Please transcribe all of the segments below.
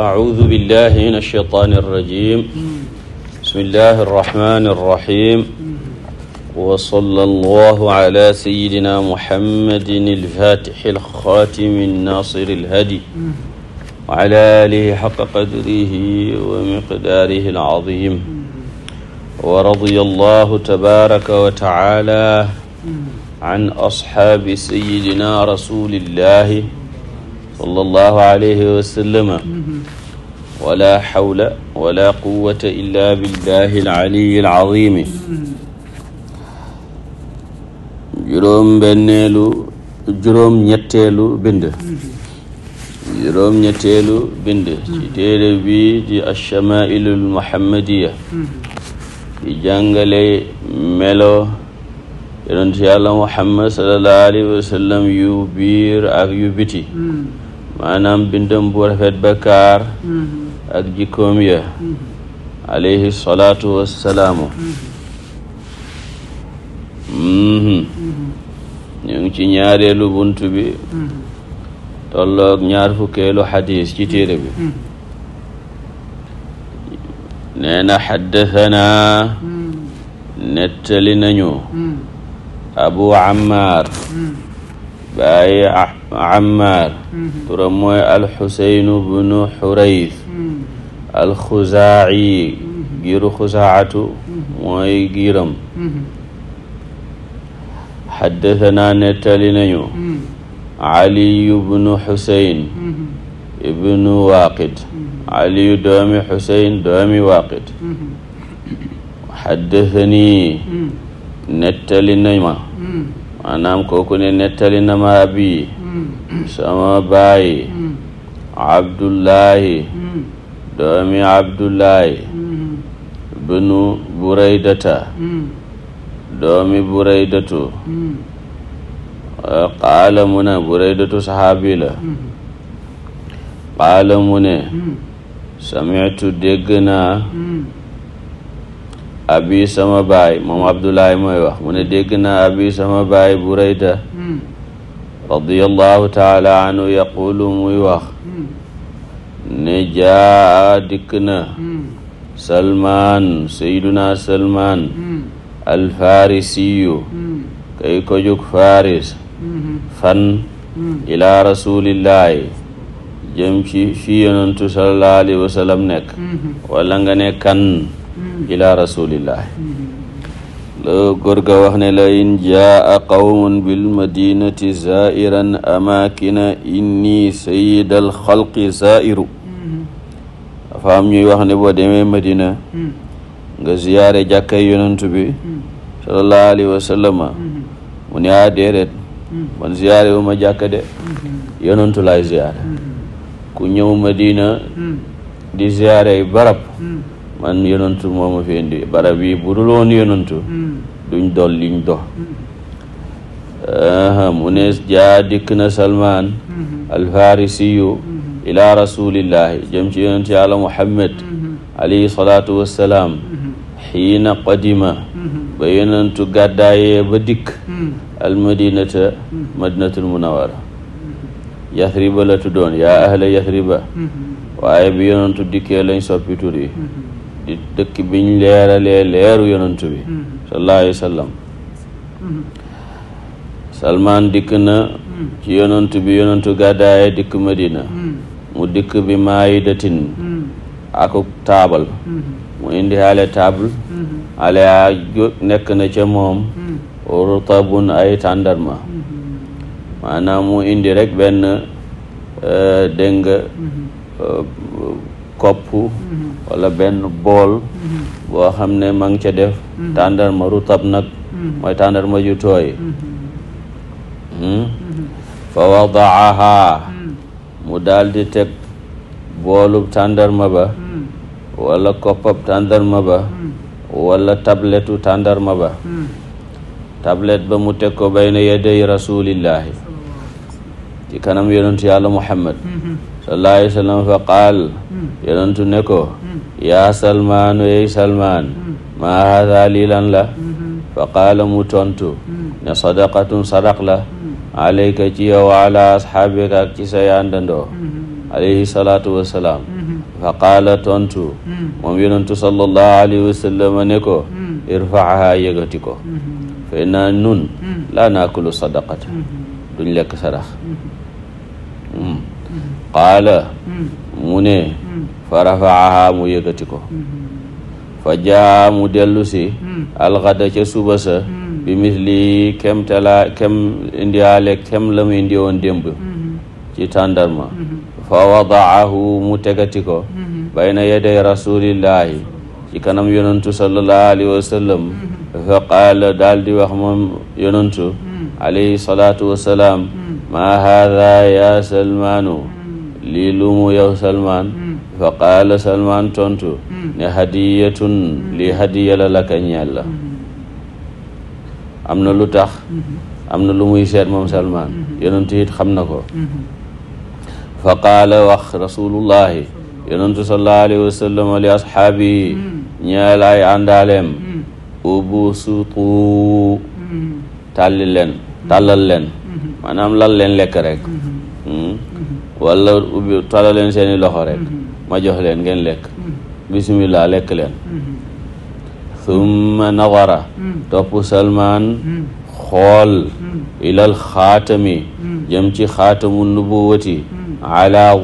أعوذ بالله من الشيطان الرجيم بسم الله الرحمن الرحيم وصلى الله على سيدنا محمد الفاتح الخاتم الناصر الهدي وعلى آله حق قدره ومقداره العظيم ورضي الله تبارك وتعالى عن أصحاب سيدنا رسول الله sallallahu alayhi wa sallama wala hawla wala quwwata illa billahi al-aliyyi al-azimi juróom benneelu juróom ñetteelu bind juróom ñetteelu bind ci téere bi di alchamailu almuhammadiya di jàngale melo yonent yàlla muhammad sallallahu alayhi wa sallam yu biir ak yu biti maanaam bindam bu rafet bakkaar mm-hmm. ak jikkoom ya mm-hmm. alayhi salaatu wassalaamu mm-hmm. ñu ngi ci ñaareelu bunt bi tolloog ñaar fukkeelu xadis ci téere bi nee na nettali nañu abu ammaar bàyyi Ammaar mm-hmm. turam mooy alxuseynu bnu xurayth mm-hmm. alxuzaaci mm-hmm. giiru xuzaacatu mooy giiram xaddatanaa nettali nañu caliyu bnu xuseyn ibnu waaqid caliyu doomi xuseyn doomi waaqid xaddatanii nettali nañ ma maanaam kooku ne nettali na ma abi hmm. sama baay hmm. abdullahi hmm. doomi abdullahi bnu buraydata doomi buraydatu qaala mu ne buraydatu saxaabi la mu ne samitu dégg abi sama baay moom abdoulahi mooy wax mu ne dégg na abi sama baay burayda radiallahu taala anhu yaqulu muy wax ne jaa dikk na salmaan sayduna salmaan alfarisiyu kay ko jóg faris fan ila rasulillahi jëm ci fi yonantu sallallahu alayhi wa sallam nekk wala nga ne kan ila rasulillahi la góor ga wax ne la in jaa qawmun bil madinati zairan amakina inni sayid al zairu dafa am ñuy wax ne boo demee madina nga ziyaare jàkkay yonantu bi sallallahu alayhi wa mu ne a ah, déedéet man ziyaare wu ma jàkka de yonantu laay ziyaare ku ñëw madina di ziyaare barab man yonantu moo ma fi indi barab yi bu dul woon yonantu hmm. duñ dol hmm. salmaan hmm. alfarisiyu ila rasulillahi jëm ci yonent muhammad alayhi salaatu wassalaam xiina qadima ba yonentu gàddaayee ba dikk almadinata madinatul munawara yathriba la tuddoon yaa ahla yathriba waaye bi yonentu dikkee lañ soppi di dëkk biñ leeralee leeru yonantu bi mm-hmm. sallallahu alayhi mm-hmm. salmaan dikk na mm-hmm. ci yonantu bi yonantu gàddaaye dikk madina mu dikk bi maayidatin akuk taabal mu indi ale taabal ale a nekk na ca moom rutabun ay tàndarma maanaam mu indi rekk benn eh, dégg nga eh, kopp wala benn bool boo xam ne ma ngi ca def tàndarma rutab nag mooy tàndarma ju tooy fa wadaaha mu daldi teg boolub tàndarma ba wala koppab tàndarma ba wala tabletu tàndarma ba tablet ba mu teg ko bayna yaday ci kanam yonentu yàlla muhammad sallallahu alayhi wa sallam fa qaal yonentu ne ko yaa salmaanu yey salmaan maa haada lii lan la fa qaala mu tontu ne sadaqatun sadaq la alayka ci yow wa ala asxaabika ak ci say àndandoo alayhi salaatu wassalaam fa qaala tontu moom yonentu sallallahu alayhi wa sallam ne ko irfaaha yëgati ko fa inna nun laa naakulu sadaqata duñ lekk sadax qaala mu ne fa rafaaha mu yëkkati ko fa jaa mu dellu si alxada ca suba sa bi misli kem tala kem indiaale kem la mu indi woon démb ci tàndarma fa wadaahu mu tegati ko bayna yaday rasulillahi ci kanam yonantu sallallahu alayhi wa sallam fa qaala daal di wax moom yonantu alayhi salaatu wa salaam maa haada ya salmaanu lii lumu yow salmaan fa qaala salmaan tontu ne hadiyatun lii hadiya la laka ñeel la am na lu tax am na lu muy seet moom salmaan yonentu it xam na ko fa qaala wax rasulullahi yonentu sallallahu alayhi wa sallam li ashaabi ñeel ay àndaaleem ubusutu tàlli leen tàllal leen maanaam lal leen lekk rek mm-hmm. hmm? mm-hmm. wala ubbi leen seeni loxo rek mm-hmm. ma jox leen ngeen lekk bismillah lekk leen thumma nawara topp salmaan xool ilal xaatami jëm ci xaatamu nubuwati ala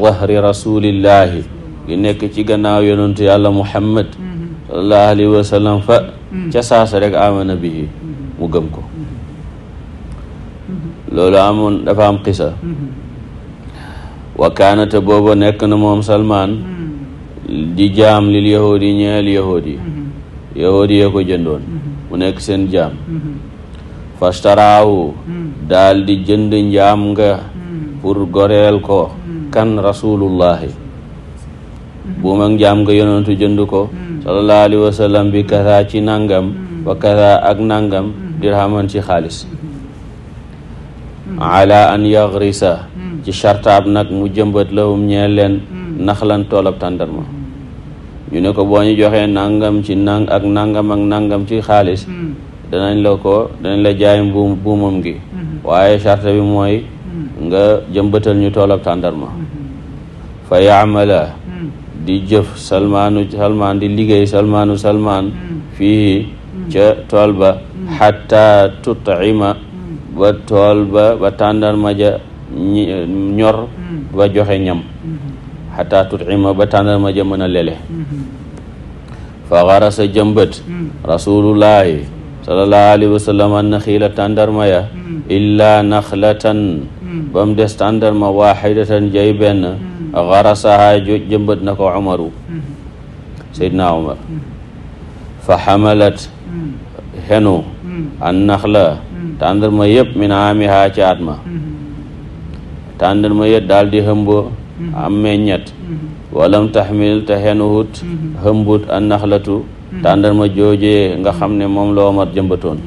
nekk ci gannaaw yonentu muhammad sallallahu alayhi wa fa ca rek amana bihi mu gëm ko loolu amoon dafa am xisa wakaanate booba nekk na moom salmaan di jaam lil yahuud yi ñeel yahuud yi yahuud yee ko jëndoon mu nekk seen jaam fastaraawu daal di jënd njaam nga pour goreel ko kan rasulullahi buum ak njaam nga yonentu jënd ko sallallahu alayhi wa sallam bi kasaa ci nangam wa kasaa ak nangam dirhaman ci xaalis ala an yagrisa ci chartaab nag mu jëmbat lawum ñeel leen naxlan toolab tàndarma ñu ne ko booñu joxe nangam ci nang nangam ak nangam ci xaalis danañ la ko danañ la jaay mbuum gi waaye charte bi mooy nga jëmbatal ñu toolab tàndarma fa yaamala di jëf salmaanu salmaan di liggéey salmaanu salmaan fii ca tool ba xatta tutcima ba tool ba ba tàndarma ja ñor mm-hmm. ba joxe ñam xataa mm-hmm. tutima ba tàndarma ja mën a lele mm-hmm. fa garasa jëmbët rasulullahi sallallahu alayhi wa sallam an naxiila tàndarma ya illaa naxlatan ba mu des tàndarma waaxidatan jay benn garasaha jëmbët na ko Umaru Seydina Umar fa xamalat xenu an naxla tàndarma yëpp min aamihaa ci at ma tàndarma yëpp daal di am meññet walam taxmil te xenuwut hëmbut a naxlatu tàndarma joojee nga xam ne moom la Omar jëmbatoon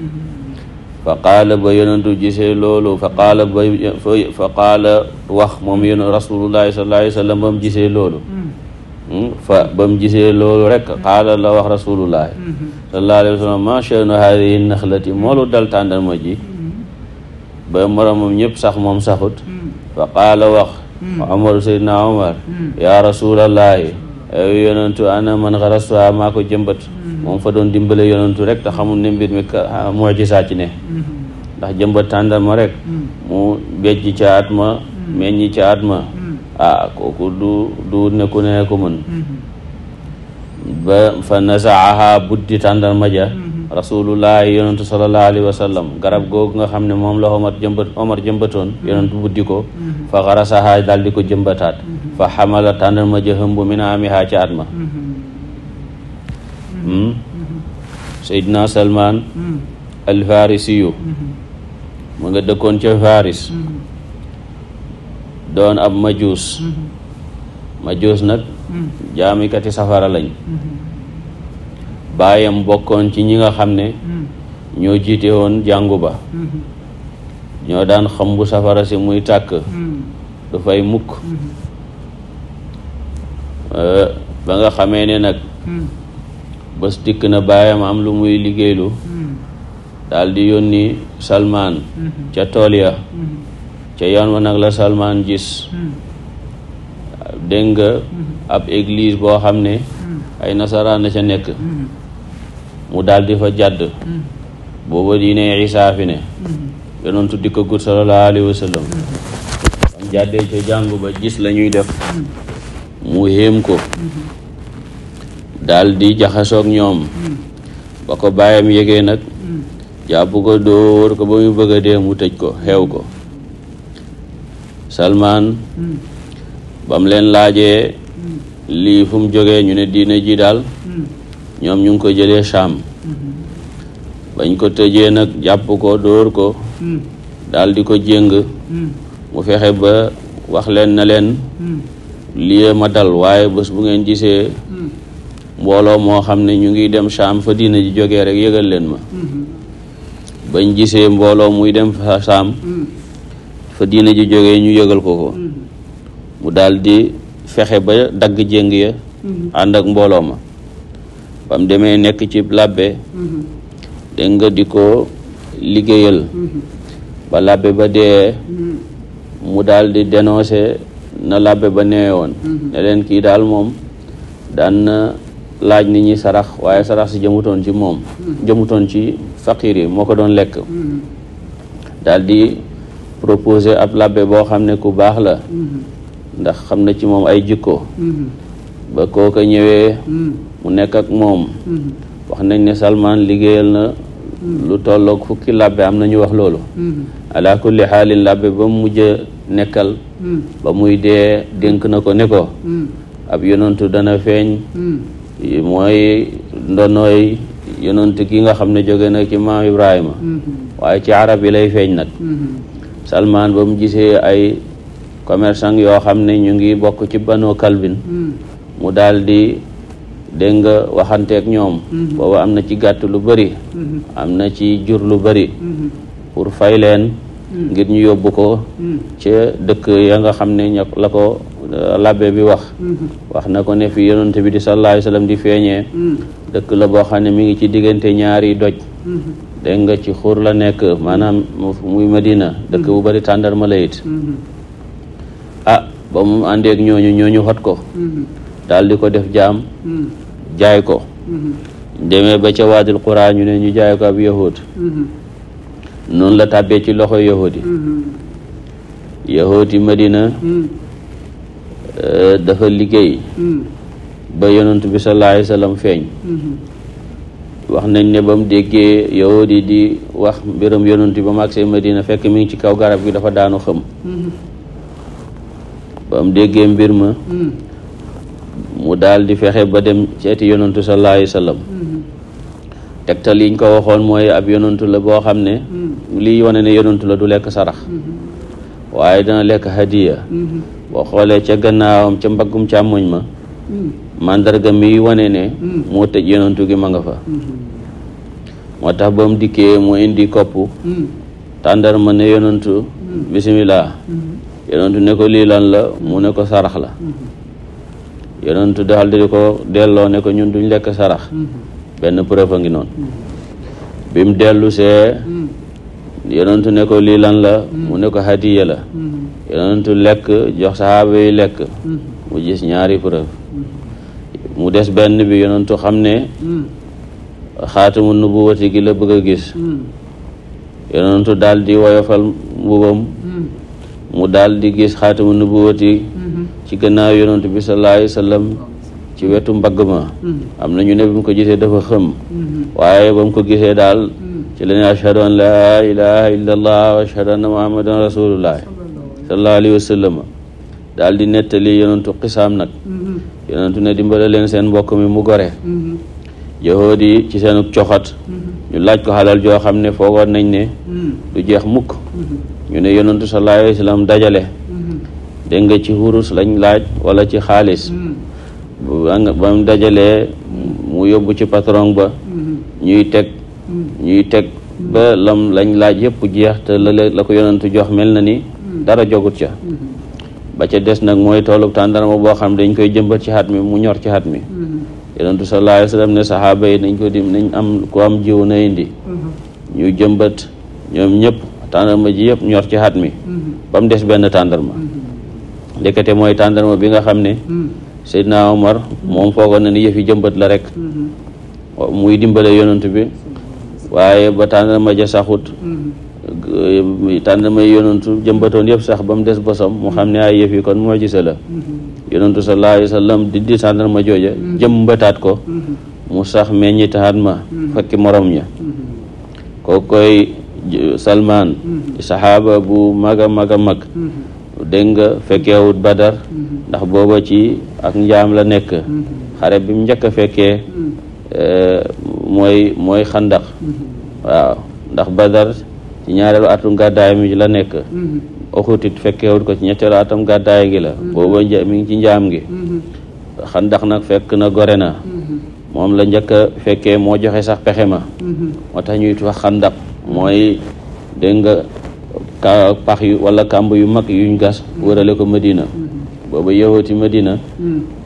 fa qaala ba yonentu gisee loolu fa qaala ba fa qaala wax moom yonent rasulullahi sallallahu alayhi loolu Hmm? fa ba mu gisee loolu rek xaala la wax rasulullahi sallallahu alayhi wa sallam ma sha'nu haadihi naxlati moolu dal tàndarma ji ba moromam ñëpp sax moom saxut fa qaala wax Omar Seydina Omar yaa rasulallahi yow yonentu ana man xarastuha maa ko jëmbat moom fa doon dimbale yonentu rek te xamul ne mbir mi mucjisaa ci ne ndax jëmbat tàndarma rek mu bejj ca at ma meññi ca at ma ah kooku du du ne ku ne ko mën mm-hmm. ba fa nasaaha buddi tàndarma ja mm-hmm. rasulullah yonentu sallallahu alayhi wa garab googu nga xam ne moom la omar jëmbat omar mm-hmm. buddi ko fa xarasaha daal di ko jëmbataat fa xamala tàndarma ja hëmb min amiha ca at ma hmm? seydina salman alfarisiyu mu dëkkoon ca faris doon ab majuus mm-hmm. majuus nag mm-hmm. jaamikati safara lañ mm-hmm. baayam bokkoon ci ñi nga xam ne ñoo jiite woon jàngu ba ñoo daan xam bu safara si muy tàkk du fay mukk euh, ba nga xamee ne nag bés dikk na baayam am lu muy liggéeylu daal di yónni Salmaan ca tool ya ca yoon wa nag la Salmaan gis dégg nga ab église boo xam ne ay nasaraan na ca nekk mu daldi fa jàdd booba diine Isaa fi ne yonentu di ko gut sallallahu alayhi wa jàddee ca jàngu ba gis la ñuy def mu yéem ko daldi jaxasoog ñoom ba ko bàyyam yegee nag jàpp ko dóor ko ba muy bëgg a dee mu tëj ko xew ko Salman bam leen laajee lii fum mu ñu ne diina ji daal ñoom ñu ngi ko jëlee Sham bañ ko tëjee nag jàpp ko dóor ko daal di ko jëng mu fexe ba wax leen na leen lii ma dal waaye bés bu ngeen gisee mbooloo moo xam ne ñu ngi dem Sham fa diine ji jógee rek yëgal leen ma bañ gisee mbooloo muy dem fa fa diine ji jógee ñu yëgal ko ko mm-hmm. mu daldi fexe ba dagg jéng ya mm-hmm. ànd ak mbooloo ma bam demee nekk ci làbbe mm-hmm. dégg di ko liggéeyal ba làbbe ba dee mu daal di na làbbe ba newee woon ne kii daal moom daan na laaj nit ñi sarax waaye sarax si jëmutoon ci moom jëmutoon ci faqiir yi moo ko doon lekk daal proposé ab labbe boo xam ne ku baax la ndax xam na ci moom ay jikko ba kooka ñëwee mu nekk ak moom wax nañ ne Salman liggéeyal na lu tollook fukki labbe am na ñu wax loolu ala kulli xaalin labbe ba mu mujj nekkal ba muy dee dénk na ko ne ko ab yonantu dana feeñ mooy ndonooy yonant gi nga xam ne jóge na ci maam Ibrahima waaye ci arab yi lay feeñ nag Salman ba mu gisee ay commerçant yoo xam ne ñu ngi bokk ci Banu Kalbin mm. mu daal di dégg nga waxanteeg ñoom mm-hmm. booba am na ci gàtt lu bari mm-hmm. am na ci jur lu bari mm-hmm. pour fay leen mm. ngir ñu yóbbu ko mm. ca dëkk ya nga xam ne ña la ko euh, labbe bi wax wax na ko ne fi yonent bi di sallallahu alayhi di feeñee dëkk la boo xam ne mu ngi ci diggante ñaari doj dégg nga ci xur la nekk maanaam muy Madina dëkk bu bari tàndarma la it mm-hmm. ah ba mu àndeek ñooñu ñooñu xot ko mm-hmm. daal di ko def jaam mm-hmm. jaay ko demee ba ca waadil quraan ñu ne ñu jaay ko ab yahud noonu la tàbbee ci loxo yahud yi Madina eh, dafa liggéey ba yonent bi sallallahu alayhi wa sallam feeñ wax nañ ne ba mu déggee yow di di wax mbiram yonent yi ba mu agsee Madina fekk mi ngi ci kaw garab gi dafa daanu xëm ba mu déggee mbir ma mu daal di fexe ba dem seeti yonentu sallallahu alayhi wa sallam tegtal ko waxoon mooy ab yonentu la boo xam ne lii wane ne la du lekk sarax waaye dana lekk hadiya boo xoolee ca gannaawam ca mbaggum càmmoñ ma mandarga mi wane ne hmm. moo tëj yonantu gi ma nga fa hmm. moo tax ba mu dikkee mu indi kopp hmm. tàndarma ne yonantu bisimilah yonantu ne ko lii lan la mu ne ko sarax la yonantu daal di ko delloo ne ko ñun duñ lekk sarax benn preuve a ngi noon bi mu dellu see ne ko lii la mu ne ko hadiya la yonentu lekk jox sahaaba yi lekk mu gis ñaari preuve mu des benn bi yonentu xam ne hmm. xaatamu nubuwati gi la bëgg a gis hmm. yonentu daal di woyofal mbubam hmm. mu daal di gis xaatamu nubuwati ci gannaaw yonentu bi sallallahu alayhi ci wetu mbagg ma am na ñu ne bi mu ko gisee dafa xëm waaye ba mu ko gisee daal ci la ne laa ilaha illa allah wa ashhadu anna muhammadan daal di nettali yonentu xisaam nag mm-hmm. yonentu ne dimbale leen seen mbokk mi mu gore mm-hmm. yahood yi ci seenu coxat mm-hmm. ñu laaj ko xalal joo xam ne foogoon nañ ne du jeex mukk ñu ne yonentu sallallahu alayhi wa sallam dajale dégg nga ci wurus lañ laaj wala ci xaalis ba mu dajalee mu yóbbu ci patron ba ñuy teg ñuy teg ba lam lañ laaj yëpp jeex te la la ko yonentu jox mel na ni dara jogut ca ba ca des nag mooy toolub tàndarma boo xam dañ koy jëmbat ci xat mi mu ñor ci xat mi mm-hmm. yonentu sa alayhi wa sallam ne saxaaba yi nañ ko dim nañ am ku am jiw na indi mm-hmm. ñu jëmbat ñoom ñëpp tàndarma ji yëpp ñor ci xat mi mm-hmm. ba des benn tàndarma ndekete mooy tàndarma bi nga xam ne Seydina Omar moom foogoon na ni yëf yi jëmbat la rek muy dimbale yonent bi waaye ba tàndarma ja saxut tàndamay yonantu jëmbatoon yëpp sax ba mu des bosom mu xam ne ay yëf yi kon moo gise la yonantu sallallahu alayhi wa sallam di di tàndarma jooja jëmbataat ko mu sax meññi taxaat ma fakki morom ña kooku koy salmaan saxaaba bu mag a mag a mag dégg nga fekkeewut badar ndax booba ci ak njaam la nekk xare bi mu njëkk a fekkee mm-hmm. eh, mooy mooy xandax mm-hmm. waaw ndax badar ci ñaareelu atum gàddaay mi la nekk oxutit mm-hmm. fekkewut ko ci ñetteelu atam gàddaay gi la mm-hmm. booba mi ngi ci njaam gi mm-hmm. xandax nag fekk na gore na moom la njëkk a fekkee moo joxe sax pexe ma moo tax ñuy wax xandax mooy dégg nga ka pax yu wala kàmb yu mag yuñ gas wërale ko Medina booba yowati Medina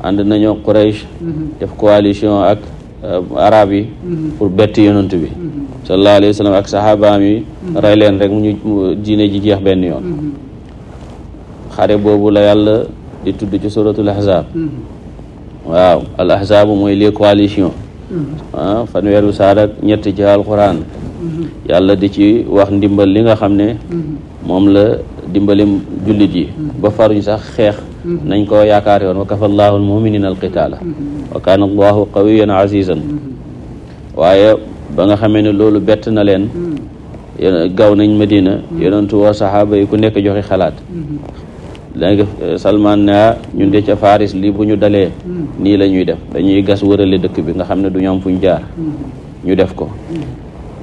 ànd nañoo Quraysh def coalition ak Euh, arab yi mhm. pour bett yonent bi mhm. sallallahu alayhi ak sahabaam yi mhm. rey leen rek mu ñu diine ji jeex benn yoon xare boobu la yàlla di tudd ci suratul ahzab waaw al ahzab mooy les coalitions ah fanweeru saar ñett ci alquran yàlla di ci wax ndimbal li nga xam ne moom la dimbalim jullit yi ba faruñ sax xeex nañ koo yaakaare yoon wa kafa allahu almuminina alqitaala wa kaana allahu waaye ba nga xamee ne loolu bett na leen gaw nañ madina yonentu woo saxaaba yi ku nekk joxe xalaat léegi eh, salman ne ah, ñun de ca faris li bu ñu dalee nii lañuy def dañuy gas wërale dëkk bi nga xam ne du ñu am fuñ jaar ñu def ko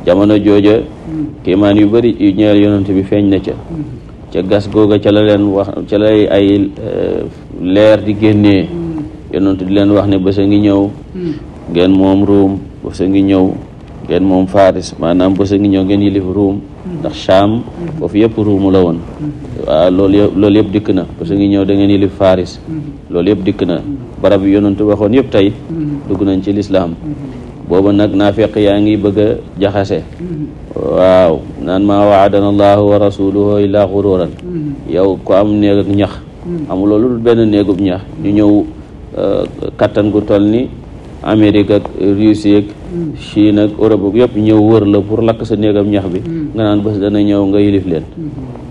jamono jooja kéemaan yu bëri yu ñeel yonent bi feeñ na ca ca gas googa ca la leen wax ca lay ay eh, leer di génnee hmm. yonentu di leen wax ne ba a ngi ñëw hmm. ngeen moom ruum bés a ngi ñëw ngeen moom faris maanaam bés a ngi ñëw ngeen yilif ruum hmm. ndax Shaam foofu yëpp ruumu la woon waaw loolu yëpp loolu yëpp dikk na bés a ngi ñëw da ngeen yilif faris loolu yëpp dikk na barab yi yonentu waxoon yëpp tey dugg nañ ci lislaam booba nag naafeq yaa ngi bëgg jaxase waaw naan maa waadana allahu wa rasuluhu illaa xururan yow ku am néeg ñax amuloo lu dul benn néegub ñax ñu ñëw euh, kattan gu toll ni Amérique ak Russie ak Chine ak Europe ak yëpp ñëw wër la pour lakk sa néegam ñax bi nga naan bés dana ñëw nga yilif leen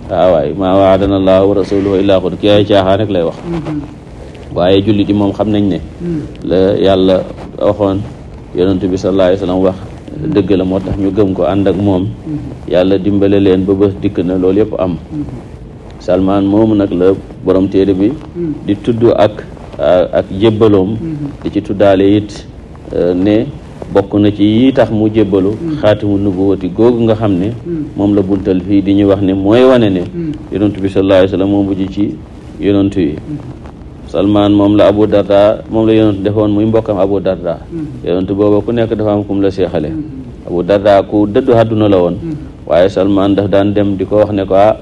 waawaay maa waadana allahu wa rasuluhu illaa xururan ki ay caaxaan rek lay wax mm-hmm. waaye jullit yi moom xam nañ ne mm. la yàlla waxoon yonent bi sallallahu alayhi wa wax dëgg la moo tax ñu gëm ko ànd ak moom yàlla dimbale leen ba bés dikk na loolu yëpp am salmaan moomu nag la borom téere bi di tudd ak ak jébbaloom di ci tuddaale it ne bokk na ci yi tax mu jébbalu xaatimu nubuwati googu nga xam ne moom la buntal fii di ñuy wax ne mooy wane ne yonent bi sallallahu alayhi wa sallam moom mujj ci yonent yi salmaan moom la abu darda moom la yonentu defoon muy mbokkam abu darda hmm. yonentu booba ku nekk dafa am kum la seexale hmm. abu darda ku dëddu àdduna la woon hmm. waaye salmaan daf daan dem di ko wax ne ko ah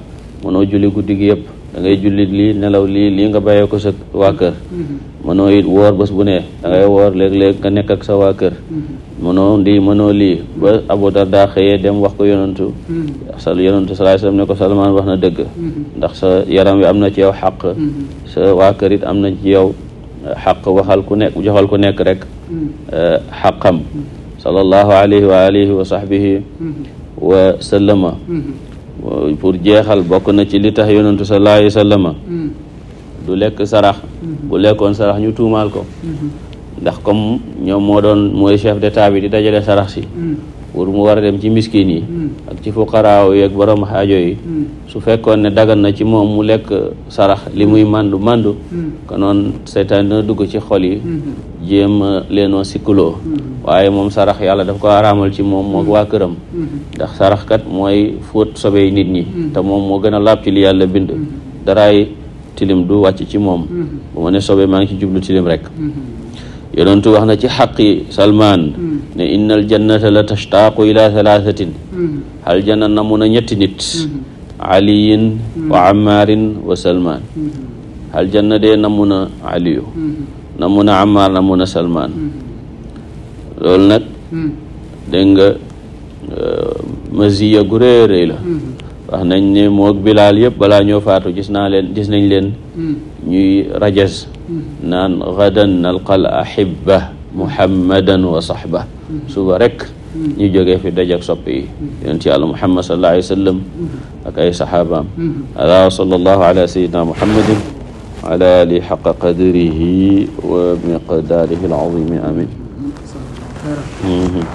mënoo julli guddi gi yëpp da ngay julli lii nelaw lii lii nga bàyyee ko sa waa kër mënoo it woor bés bu ne da woor léeg-léeg nga nekk ak sa waa kër mënoo lii mënoo lii ba Abu Darda xëyee dem wax ko yonantu mm-hmm. sal yonantu sallallahu alayhi wasallam ne ko Salmaan wax na dëgg mm-hmm. ndax sa yaram wi am na ci yow xaq mm-hmm. sa waa kër it am na ci yow xaq waxal ku nekk joxal ku nekk rek euh, xaqam sallallahu alayhi wa alihi wa sahbihi wa pour jeexal bokk na ci li tax yonantu sallallahu alayhi wa sallama du lekk sarax bu lekkoon sarax ñu tuumaal ko ndax comme ñoom moo doon mooy chef de d'état bi di dajale sarax si hmm. pour mu war a dem ci miskin yi hmm. ak ci fuqaraaw yi ak borom xaajo yi hmm. su fekkoon ne dagan na ci moom mu lekk sarax li muy màndu màndu konoon seytaan dina dugg ci xol yi jéem leenoon sikkuloo waaye moom sarax yàlla daf ko araamal ci moom moog waa këram ndax saraxkat mooy fóot sobey nit ñi te moom moo gën a laab ci li yàlla bind daraay tilim du wàcc ci moom bu ma ne sobee maa ngi ci jublu tilim rek yonentu wax na ci xaqi salmaan mm. ne innal jannata la tashtaaqu ila thalathatin hal mm. janna namu na ñetti nit mm-hmm. aliyin wa mm-hmm. ammaarin wa salmaan hal mm-hmm. janna dee namu na aliyu namu na ammaar namu na salmaan loolu nag mm. dégg nga euh, maziya gu réy wax nañ ne moog bilaal yëpp balaa ñoo faatu gis naa leen gis nañ leen hmm. ñuy rajas hmm. naan gadan nalqal ahibba muhammadan wa sahba hmm. suba rek ñu jógee fi dajak sopp yi yonent yàlla muhammad sallallahu alayhi wa sallam ak ay saxaabaam ala wa sallallahu ala sayyidina muhammadin wa ala alihi xaqa qadrihi wa miqdaarihi al-azim amin